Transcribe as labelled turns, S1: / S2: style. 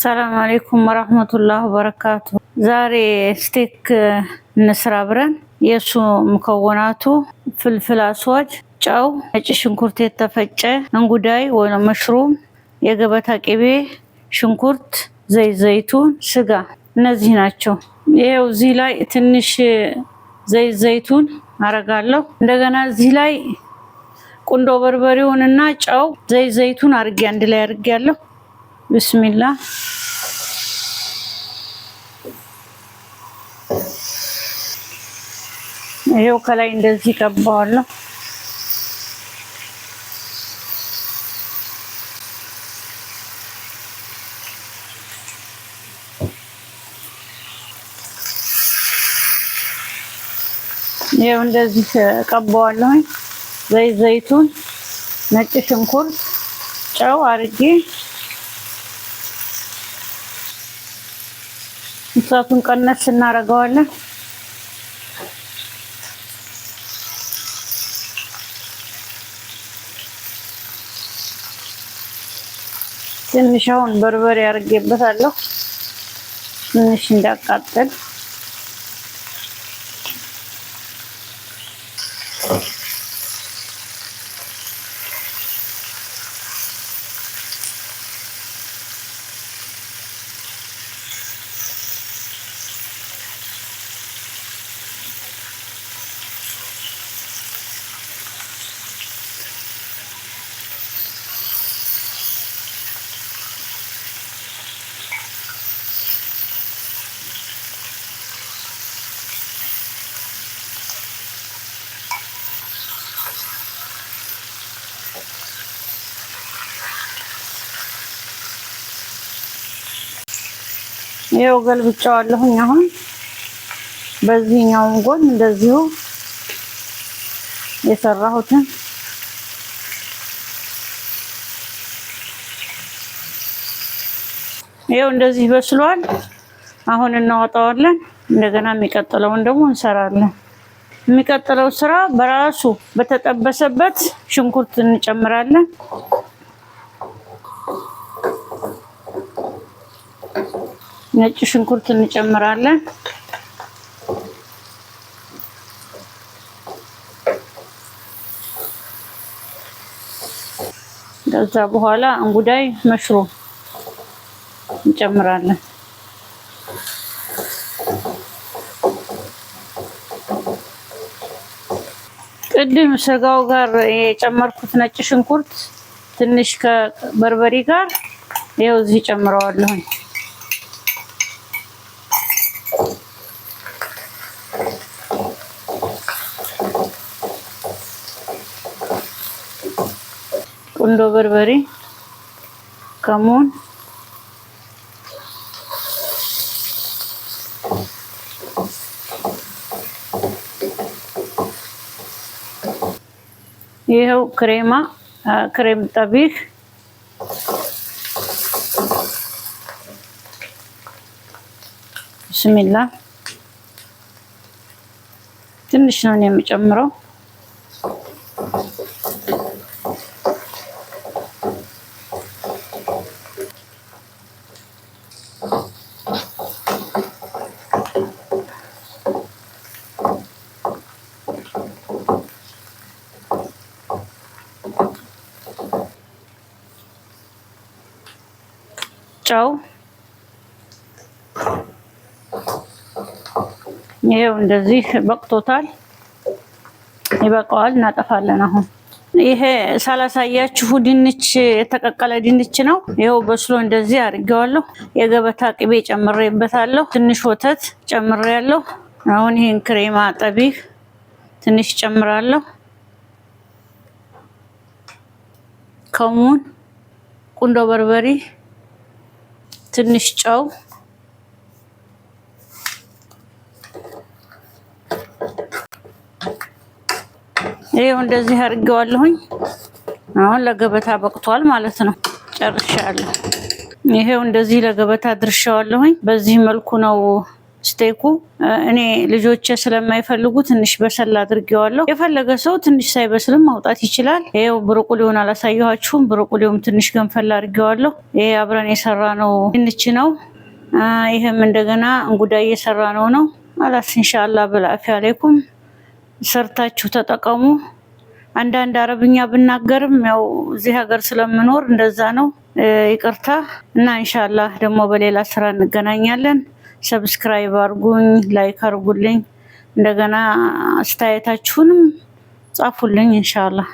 S1: ሰላም አሌይኩም ወረህመቱላህ በረካቱ። ዛሬ ስቴክ እንስራ አብረን። የእሱ ምከወናቱ ፍልፍል አስዋጅ፣ ጨው፣ ነጭ ሽንኩርት የተፈጨ፣ እንጉዳይ ወይ መሽሩም፣ የገበታ ቅቤ፣ ሽንኩርት፣ ዘይት ዘይቱን፣ ስጋ እነዚህ ናቸው። ይኸው እዚህ ላይ ትንሽ ዘይት ዘይቱን አረጋለሁ። እንደገና እዚህ ላይ ቁንዶ በርበሬውን እና ጨው፣ ዘይት ዘይቱን አርጌ አንድ ላይ አርጌያለሁ። ብስሚላ ይሄው ከላይ እንደዚህ ቀባዋለሁ። ይሄው እንደዚህ ቀባዋለሁ። ዘይት ዘይቱን፣ ነጭ ሽንኩርት፣ ጨው አርጌ እንሳቱን ቀነስ እናደርገዋለን። ትንሽ አሁን በርበሬ አድርጌበታለሁ ትንሽ እንዳቃጠል ያው ገልብጫዋለሁኝ። አሁን በዚህኛውም ጎን እንደዚሁ የሰራሁትን ይኸው እንደዚህ በስሏል። አሁን እናወጣዋለን። እንደገና የሚቀጥለውን ደግሞ እንሰራለን። የሚቀጥለው ስራ በራሱ በተጠበሰበት ሽንኩርት እንጨምራለን። ነጭ ሽንኩርት እንጨምራለን። ከዛ በኋላ እንጉዳይ መሽሮ እንጨምራለን። ቅድም ስጋው ጋር የጨመርኩት ነጭ ሽንኩርት ትንሽ ከበርበሬ ጋር ይኸው እዚህ ጨምረዋለሁኝ። ቁንዶ በርበሬ፣ ከሙን ይኸው ክሬማ ክሬም ጠቢህ ብስሚላ ትንሽ ነው የሚጨምረው። ጨው ይሄው እንደዚህ በቅቶታል። ይበቃዋል፣ እናጠፋለን። አሁን ይሄ ሳላሳያችሁ ድንች የተቀቀለ ድንች ነው። ይኸው በስሎ እንደዚህ አድርጌዋለሁ። የገበታ ቅቤ ጨምሬበታለሁ። ትንሽ ወተት ጨምሬያለሁ። አሁን ይህን ክሬም አጠቢ ትንሽ ጨምራለሁ። ከሙን፣ ቁንዶ በርበሬ ትንሽ ጨው ይሄው እንደዚህ አድርጌዋለሁኝ። አሁን ለገበታ በቅቷል ማለት ነው። ጨርሻለሁ። ይሄው እንደዚህ ለገበታ ድርሻዋለሁኝ። በዚህ መልኩ ነው ስቴኩ እኔ ልጆቼ ስለማይፈልጉ ትንሽ በሰል አድርጌዋለሁ። የፈለገ ሰው ትንሽ ሳይበስልም ማውጣት ይችላል። ይኸው ብሮቆሊውን አላሳየኋችሁም። ብሮቆሊውም ትንሽ ገንፈል አድርጌዋለሁ። ይሄ አብረን የሰራ ነው ድንች ነው። ይህም እንደገና እንጉዳይ እየሰራ ነው ነው አላስ እንሻላ በላፊ አሌይኩም ሰርታችሁ ተጠቀሙ። አንዳንድ አረብኛ ብናገርም ያው እዚህ ሀገር ስለምኖር እንደዛ ነው፣ ይቅርታ እና እንሻላ ደግሞ በሌላ ስራ እንገናኛለን። ሰብስክራይብ አርጉኝ፣ ላይክ አርጉልኝ፣ እንደገና አስተያየታችሁንም ጻፉልኝ። እንሻላ።